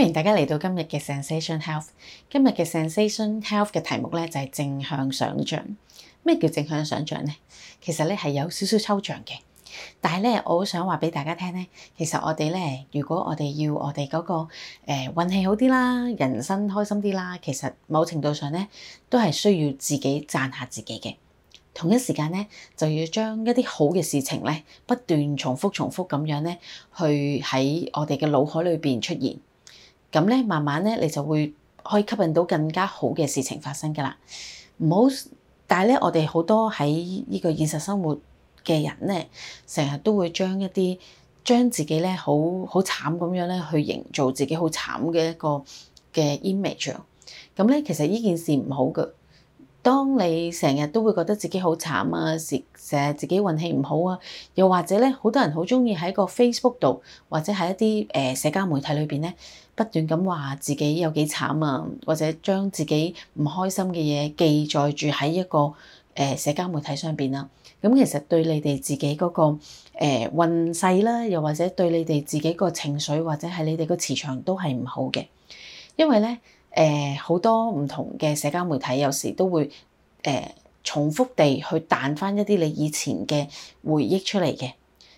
歡迎大家嚟到今日嘅 Sensation Health。今日嘅 Sensation Health 嘅題目咧就係正向想象。咩叫正向想象咧？其實咧係有少少抽象嘅，但係咧我好想話俾大家聽咧，其實我哋咧如果我哋要我哋嗰個誒運氣好啲啦，人生開心啲啦，其實某程度上咧都係需要自己讚下自己嘅。同一時間咧就要將一啲好嘅事情咧不斷重複、重複咁樣咧去喺我哋嘅腦海裏邊出現。咁咧，慢慢咧，你就會可以吸引到更加好嘅事情發生㗎喇。唔好，但係但係咧，我哋好多喺呢個現實生活嘅人咧，成日都會將一啲將自己咧好好慘咁樣咧，去營造自己好慘嘅一個嘅 image。咁咧，其實呢件事唔好嘅。當你成日都會覺得自己好慘啊，成日自己運氣唔好啊，又或者咧，好多人好鍾意喺個 Facebook 度，或者喺一啲誒、呃、社交媒體裏邊咧，不斷咁話自己有幾慘啊，或者將自己唔開心嘅嘢記載在住喺一個誒、呃、社交媒體上邊啦、啊。咁、嗯、其實對你哋自己嗰、那個誒、呃、運勢啦，又或者對你哋自己個情緒或者係你哋個磁場都係唔好嘅，因為咧。誒好、呃、多唔同嘅社交媒體，有時都會誒、呃、重複地去彈翻一啲你以前嘅回憶出嚟嘅。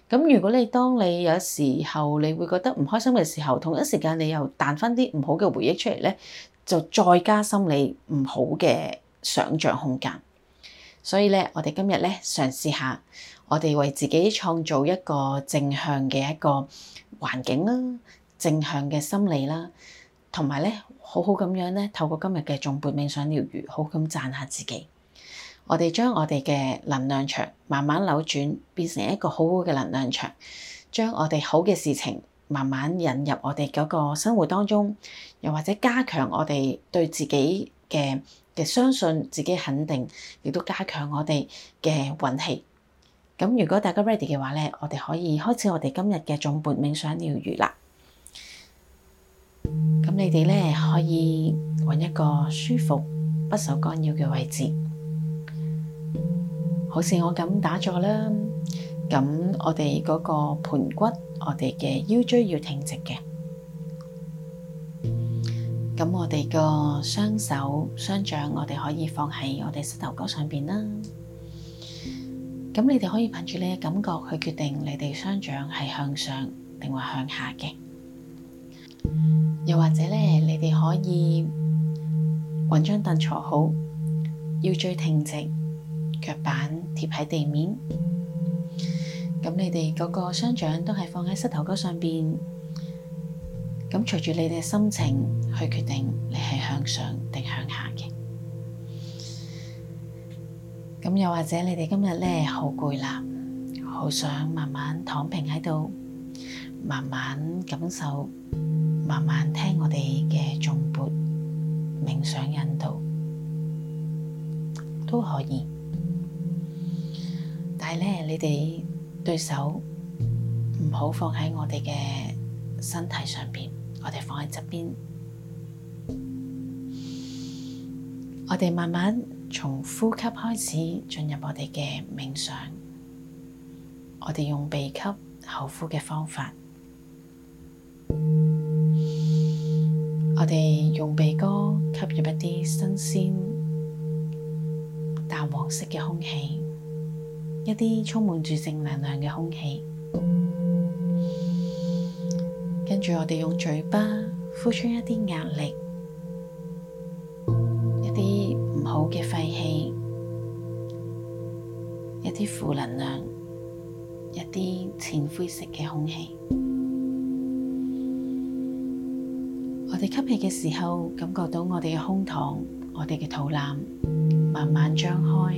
咁如果你當你有時候你會覺得唔開心嘅時候，同一時間你又彈翻啲唔好嘅回憶出嚟咧，就再加深你唔好嘅想像空間。所以咧，我哋今日咧嘗試下，我哋為自己創造一個正向嘅一個環境啦，正向嘅心理啦。同埋咧，好好咁樣咧，透過今日嘅頌缽冥想療癒，好好咁讚下自己。我哋將我哋嘅能量場慢慢扭轉，變成一個好好嘅能量場，將我哋好嘅事情慢慢引入我哋嗰個生活當中，又或者加強我哋對自己嘅嘅相信，自己肯定，亦都加強我哋嘅運氣。咁如果大家 ready 嘅話咧，我哋可以開始我哋今日嘅頌缽冥想療癒啦。咁你哋咧可以揾一個舒服、不受干擾嘅位置，好似我咁打坐啦。咁我哋嗰個盤骨，我哋嘅腰椎要挺直嘅。咁我哋個雙手、雙掌，我哋可以放喺我哋膝頭哥上邊啦。咁你哋可以憑住你嘅感覺去決定你哋雙掌係向上定或向下嘅。又或者咧，你哋可以揾張凳坐好，腰椎挺直，腳板貼喺地面。咁你哋嗰個雙掌都係放喺膝頭哥上邊。咁隨住你哋心情去決定，你係向上定向下嘅。咁又或者你哋今日咧好攰啦，好想慢慢躺平喺度。慢慢感受，慢慢聽我哋嘅頌缽冥想引導都可以。但係呢，你哋對手唔好放喺我哋嘅身體上面，我哋放喺側邊。我哋慢慢從呼吸開始進入我哋嘅冥想，我哋用鼻吸口呼嘅方法。我哋用鼻哥吸入一啲新鮮淡黃色嘅空氣，一啲充滿住正能量嘅空氣。跟住我哋用嘴巴呼出一啲壓力，一啲唔好嘅廢氣，一啲負能量，一啲淺灰色嘅空氣。我哋吸氣嘅時候，感覺到我哋嘅胸膛、我哋嘅肚腩慢慢張開；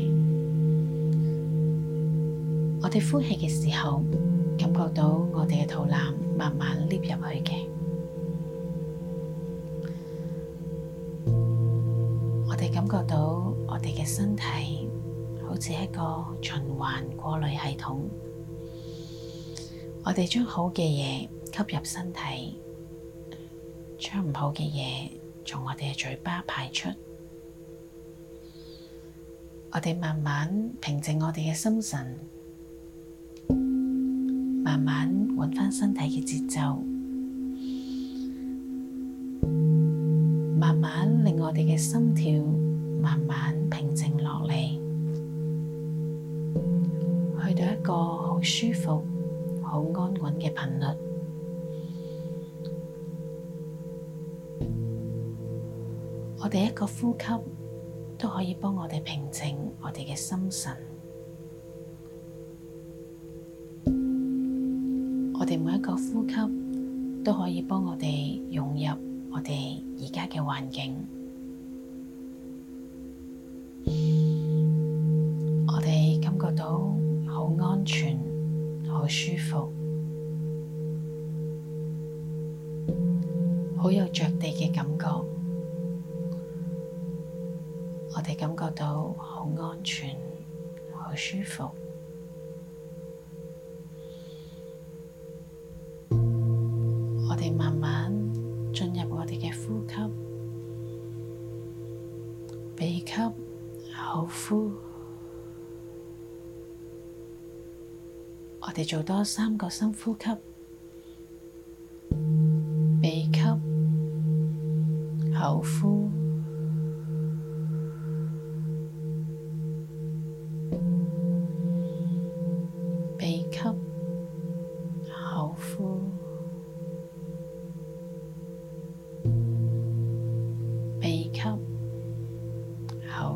我哋呼氣嘅時候，感覺到我哋嘅肚腩慢慢凹入去嘅。我哋感覺到我哋嘅身體好似一個循環過濾系統，我哋將好嘅嘢吸入身體。將唔好嘅嘢從我哋嘅嘴巴排出，我哋慢慢平靜我哋嘅心神，慢慢搵翻身體嘅節奏，慢慢令我哋嘅心跳慢慢平靜落嚟，去到一個好舒服、好安穩嘅頻率。一每一個呼吸都可以幫我哋平靜我哋嘅心神，我哋每一個呼吸都可以幫我哋融入我哋而家嘅環境。舒服。我哋慢慢進入我哋嘅呼吸，鼻吸口呼。我哋做多三個深呼吸，鼻吸口呼。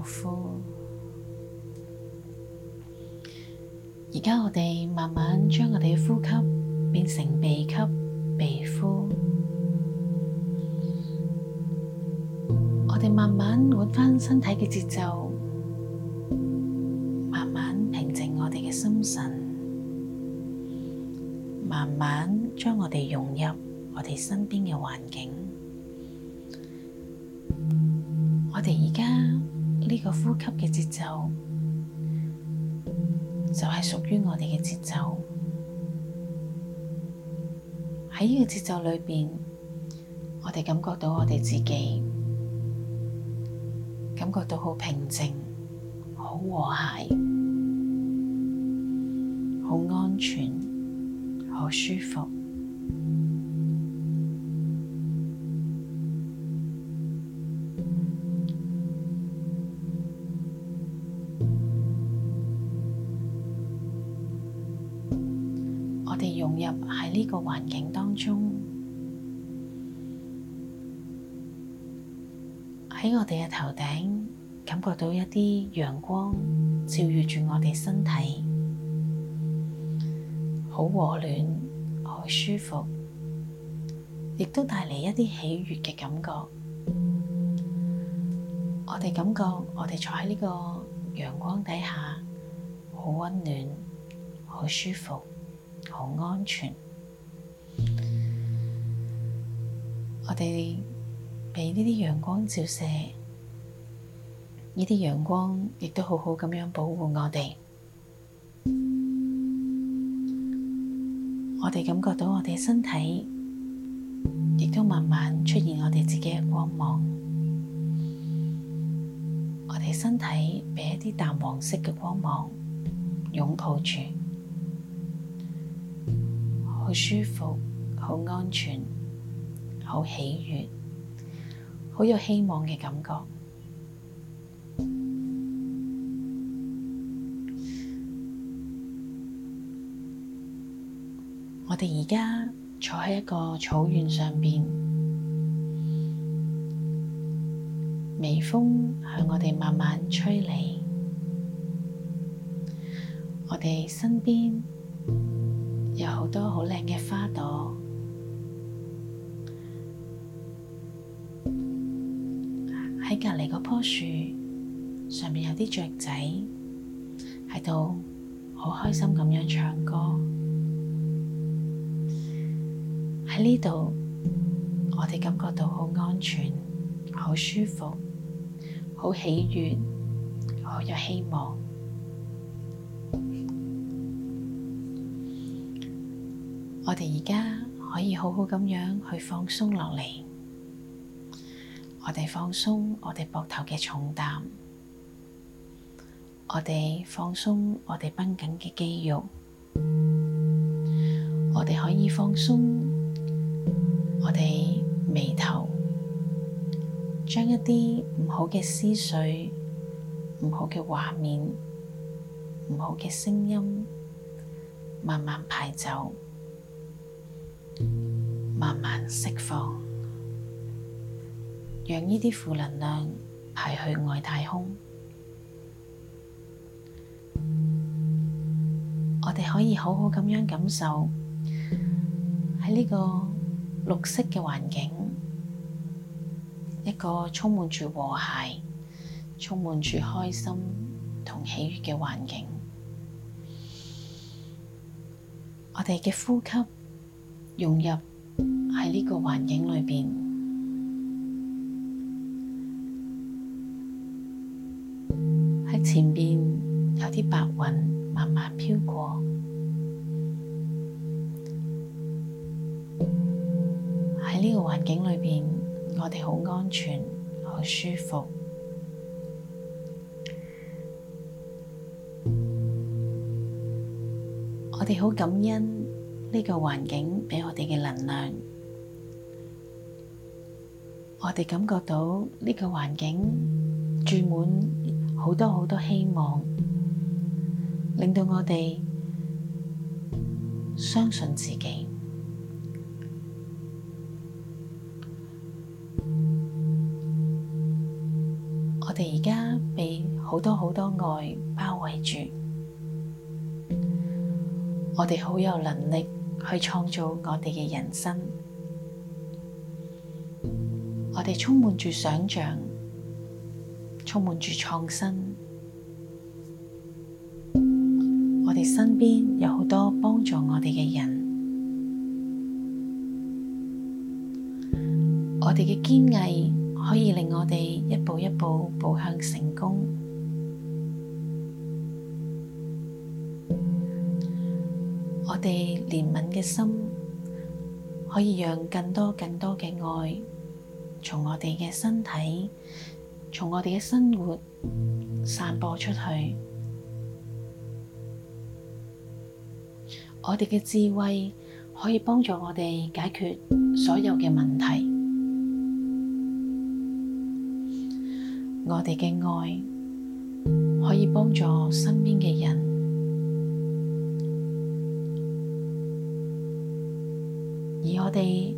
呼，而家我哋慢慢將我哋嘅呼吸變成鼻吸鼻呼，我哋慢慢換翻身體嘅節奏，慢慢平靜我哋嘅心神，慢慢將我哋融入我哋身邊嘅環境。呢個呼吸嘅節奏就係屬於我哋嘅節奏。喺呢個節奏裏面，我哋感覺到我哋自己感覺到好平靜、好和諧、好安全、好舒服。喺呢個環境當中，喺我哋嘅頭頂感覺到一啲陽光照耀住我哋身體，好和暖，好舒服，亦都帶嚟一啲喜悅嘅感覺。我哋感覺我哋坐喺呢個陽光底下，好溫暖，好舒服，好安全。我哋被呢啲陽光照射，呢啲陽光亦都好好咁樣保護我哋。我哋感覺到我哋身體，亦都慢慢出現我哋自己嘅光芒。我哋身體被一啲淡黃色嘅光芒擁抱住，好舒服，好安全。好喜悅，好有希望嘅感覺。 我哋而家坐喺一個草原上邊，微風向我哋慢慢吹嚟，我哋身邊有好多好靚嘅花朵。隔籬嗰棵樹上面有啲雀仔喺度，好開心咁樣唱歌。喺呢度，我哋感覺到好安全、好舒服、好喜悅、好有希望。我哋而家可以好好咁樣去放鬆落嚟。我哋放鬆我哋膊頭嘅重擔，我哋放鬆我哋繃緊嘅肌肉，我哋可以放鬆我哋眉頭，將一啲唔好嘅思緒、唔好嘅畫面、唔好嘅聲音，慢慢排走，慢慢釋放。讓呢啲負能量排去外太空。我哋可以好好咁樣感受，喺呢個綠色嘅環境，一個充滿住和諧、充滿住開心同喜悦嘅環境。我哋嘅呼吸融入喺呢個環境裏邊。前面有啲白雲慢慢飄過，喺呢個環境裏邊，我哋好安全，好舒服，我哋好感恩呢個環境畀我哋嘅能量，我哋感覺到呢個環境住滿。好多好多希望，令到我哋相信自己。我哋而家被好多好多愛包圍住，我哋好有能力去創造我哋嘅人生，我哋充滿住想象。充滿住創新，我哋身邊有好多幫助我哋嘅人，我哋嘅堅毅可以令我哋一步一步步向成功，我哋憐憫嘅心可以讓更多更多嘅愛從我哋嘅身體從我哋嘅生活散播出去，我哋嘅智慧可以幫助我哋解決所有嘅問題。我哋嘅愛可以幫助身邊嘅人，而我哋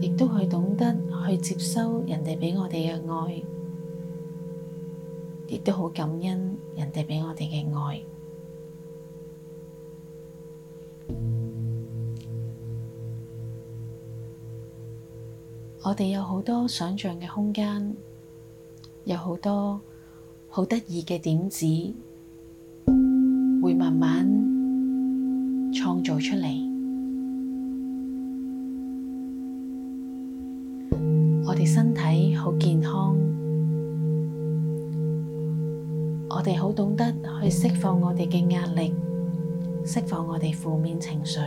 亦都去懂得去接收人哋畀我哋嘅愛。亦都好感恩人哋畀我哋嘅愛，我哋有好多想象嘅空間，有好多好得意嘅點子，會慢慢創造出嚟。我哋身體好健康。我哋好懂得去釋放我哋嘅壓力，釋放我哋負面情緒。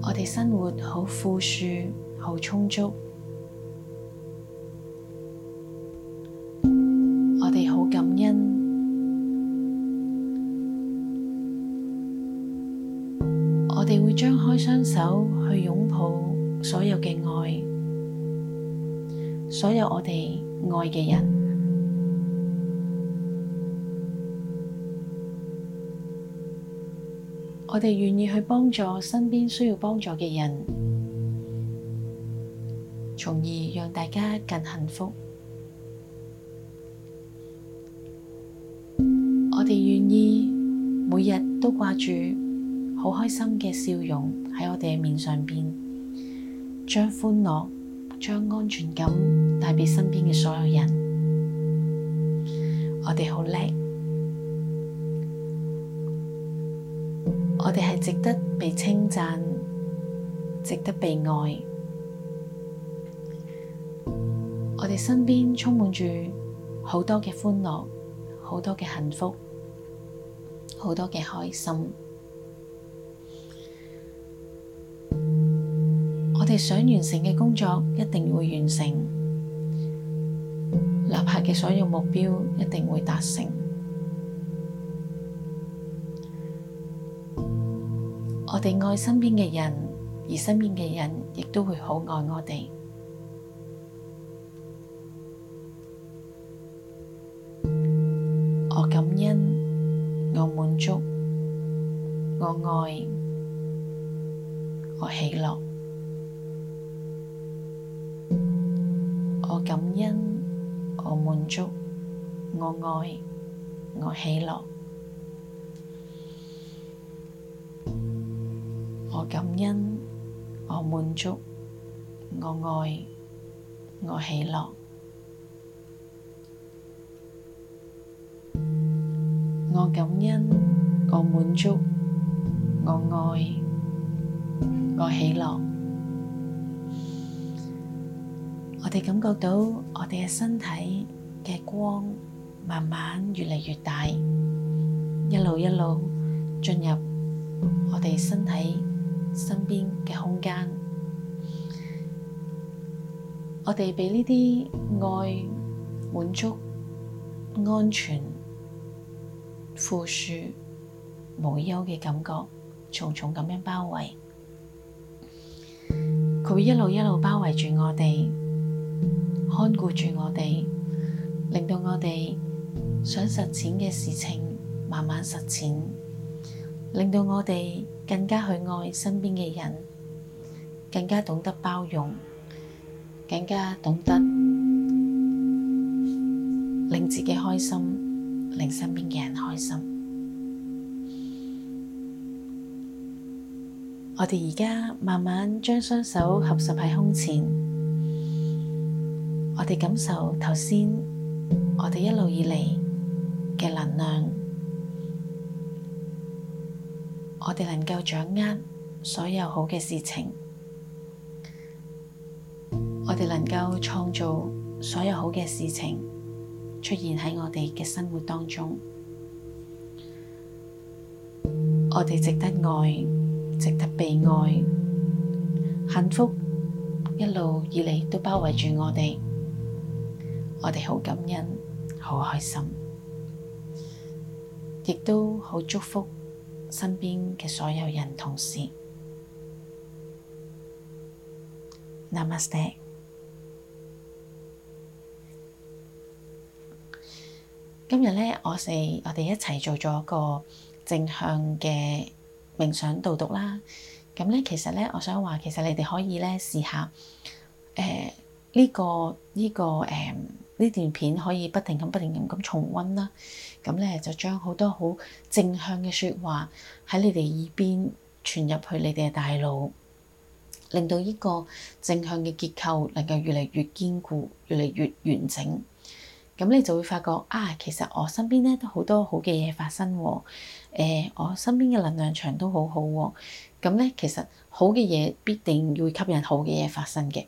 我哋生活好富庶，好充足。我哋好感恩。我哋會張開雙手去擁抱所有嘅愛。所有我哋愛嘅人，我哋願意去幫助身邊需要幫助嘅人，從而讓大家更幸福。我哋願意每日都掛住好開心嘅笑容喺我哋嘅面上邊，將歡樂。將安全感帶俾身邊嘅所有人，我哋好叻，我哋係值得被稱讚，值得被愛，我哋身邊充滿住好多嘅歡樂，好多嘅幸福，好多嘅開心。我哋想完成嘅工作，一定會完成；立下嘅所有目標，一定會達成。我哋愛身邊嘅人，而身邊嘅人亦都會好愛我哋。我感恩，我滿足，我愛，我喜樂。我愛，我喜樂，我感恩，我滿足，我愛，我喜樂，我感恩，我滿足，我愛，我喜樂。我哋感覺到我哋嘅身體嘅光。慢慢越嚟越大，一路一路進入我哋身體身邊嘅空間，我哋被呢啲愛、滿足、安全、富庶、無憂嘅感覺，重重咁樣包圍，佢會一路一路包圍住我哋，看顧住我哋，令到我哋。想實踐嘅事情，慢慢實踐，令到我哋更加去愛身邊嘅人，更加懂得包容，更加懂得令自己開心，令身邊嘅人開心。我哋而家慢慢將雙手合十喺胸前，我哋感受頭先，我哋一路以嚟。嘅能量，我哋能夠掌握所有好嘅事情，我哋能夠創造所有好嘅事情出現喺我哋嘅生活當中。我哋值得愛，值得被愛，幸福一路以嚟都包圍住我哋，我哋好感恩，好開心。亦都好祝福身邊嘅所有人，同事。Namaste。今日咧，我哋我哋一齊做咗個正向嘅冥想導讀啦。咁咧，其實咧，我想話，其實你哋可以咧試下，誒、呃、呢、呢個呢、呢個誒。呃呢段片可以不停咁、不停咁重温啦，咁咧就將好多好正向嘅説話喺你哋耳邊傳入去你哋嘅大腦，令到呢個正向嘅結構能夠越嚟越堅固、越嚟越完整。咁你就會發覺啊，其實我身邊咧都好多好嘅嘢發生喎、哦呃，我身邊嘅能量場都好好、哦、喎。咁咧其實好嘅嘢必定會吸引好嘅嘢發生嘅。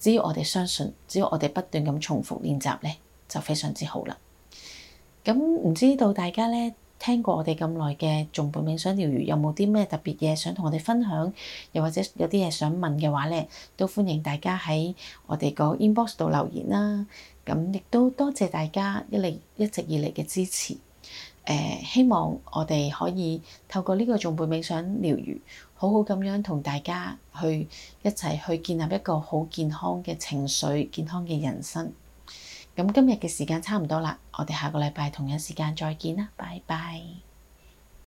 只要我哋相信，只要我哋不斷咁重複練習咧，就非常之好啦。咁唔知道大家咧聽過我哋咁耐嘅《頌缽冥想療愈》，有冇啲咩特別嘢想同我哋分享，又或者有啲嘢想問嘅話咧，都歡迎大家喺我哋個 inbox 度留言啦。咁亦都多謝，謝大家一嚟一直以嚟嘅支持。誒、呃，希望我哋可以透過呢個《頌缽冥想療愈》。好好咁樣同大家去一齊去建立一個好健康嘅情緒、健康嘅人生。咁今日嘅時間差唔多啦，我哋下個禮拜同一時間再見啦，拜拜。